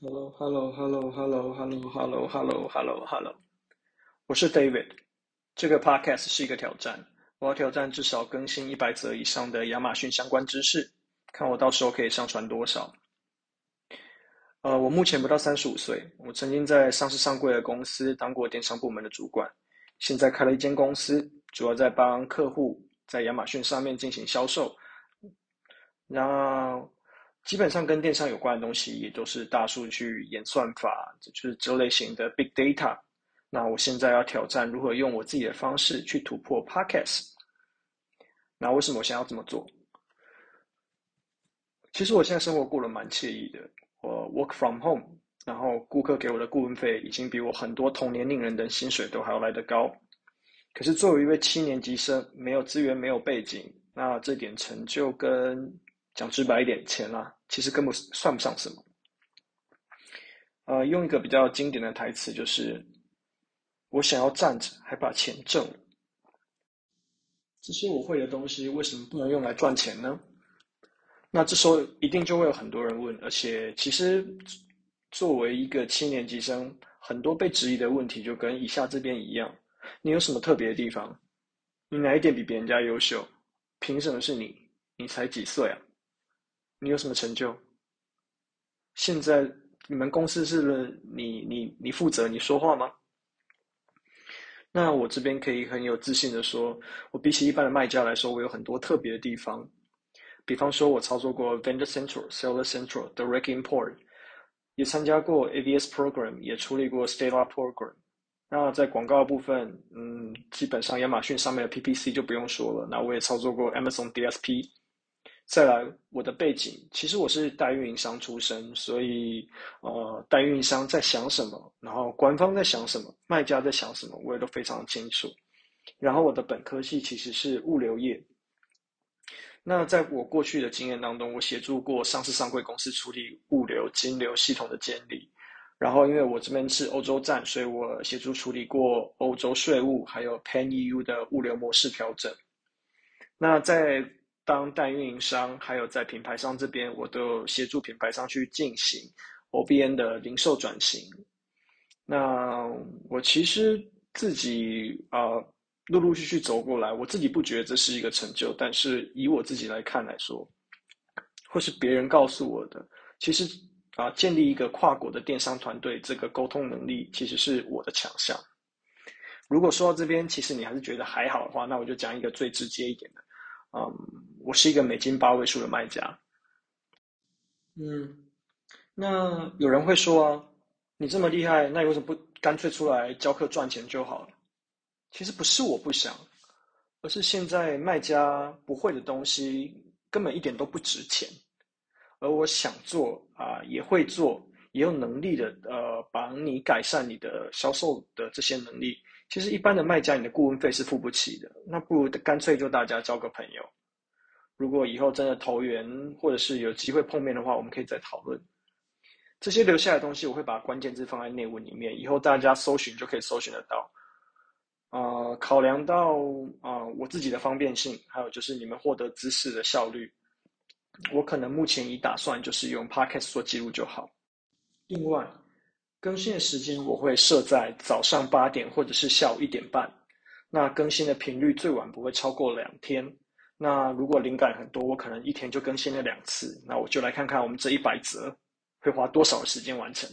Hello, hello, hello, hello, hello, hello, hello, hello, hello, hello。我是 David。這個 Podcast 是一個挑戰，我要挑戰至少更新一百則以上的亞馬遜相關知識，看我到時候可以上傳多少。呃，我目前不到三十五歲，我曾經在上市上櫃的公司當過電商部門的主管，現在開了一間公司，主要在幫客戶在亞馬遜上面進行銷售，然後。基本上跟電商有關的東西，也都是大數據演算法，就是這類型的 Big Data。那我現在要挑戰如何用我自己的方式去突破 Podcast。那為什麼我現在要這麼做？其實我現在生活過得蠻愜意的，我 Work from Home，然後顧客給我的顧問費，已經比我很多同年齡人的薪水都還要來得高。可是作為一位七年級生，沒有資源，沒有背景，那這點成就跟講直白一點，錢啦、啊。其實根本算不上什麼。呃，用一個比較經典的台詞就是：“我想要站着還把錢掙。”這些我會的東西，為什麼不能用來賺錢呢？那這時候一定就會有很多人問，而且其實作為一個七年級生，很多被質疑的問題就跟以下這邊一樣：你有什麼特別的地方？你哪一點比別人家優秀？憑什麼是你？你才幾歲啊？你有什麼成就？現在你們公司是，你你你負責你說話嗎？那我這邊可以很有自信的說，我比起一般的賣家來說，我有很多特別的地方。比方說，我操作過 Vendor Central、Seller Central、Direct Import，也參加過 AVS Program，也處理過 Startup Program。那在廣告的部分，嗯，基本上亞馬遜上面的 PPC 就不用說了。那我也操作過 Amazon DSP。再來，我的背景其實我是代運營商出身，所以呃，代運營商在想什麼，然後官方在想什麼，賣家在想什麼，我也都非常清楚。然後我的本科系其實是物流業。那在我過去的經驗當中，我協助過上市上櫃公司處理物流金流系統的建立。然後因為我這邊是歐洲站，所以我協助處理過歐洲稅務，還有 Pan EU 的物流模式調整。那在當代運營商還有在品牌商這邊，我都有協助品牌商去進行 OBN 的零售轉型。那我其實自己啊、呃，陸陸續續走過來，我自己不覺得這是一個成就，但是以我自己來看來說，或是別人告訴我的，其實啊、呃，建立一個跨國的電商團隊，這個溝通能力其實是我的強項。如果說到這邊，其實你還是覺得還好的話，那我就講一個最直接一點的。嗯，我是一個美金八位數的賣家。嗯，那有人會說啊，你這麼厲害，那你為什麼不乾脆出來教課賺錢就好了？其實不是我不想，而是現在賣家不會的東西根本一點都不值錢，而我想做啊、呃，也會做，也有能力的，呃，幫你改善你的銷售的這些能力。其實一般的賣家，你的顧問費是付不起的。那不如乾脆就大家交個朋友。如果以後真的投緣，或者是有機會碰面的話，我們可以再討論這些留下的東西。我會把關鍵字放在內文裡面，以後大家搜尋就可以搜尋得到。呃，考量到啊，呃，我自己的方便性，還有就是你們獲得知識的效率，我可能目前已打算就是用 Podcast 做記錄就好。另外。更新的時間我會設在早上八點或者是下午一點半，那更新的頻率最晚不會超過兩天。那如果靈感很多，我可能一天就更新了兩次。那我就來看看我們這一百則會花多少的時間完成。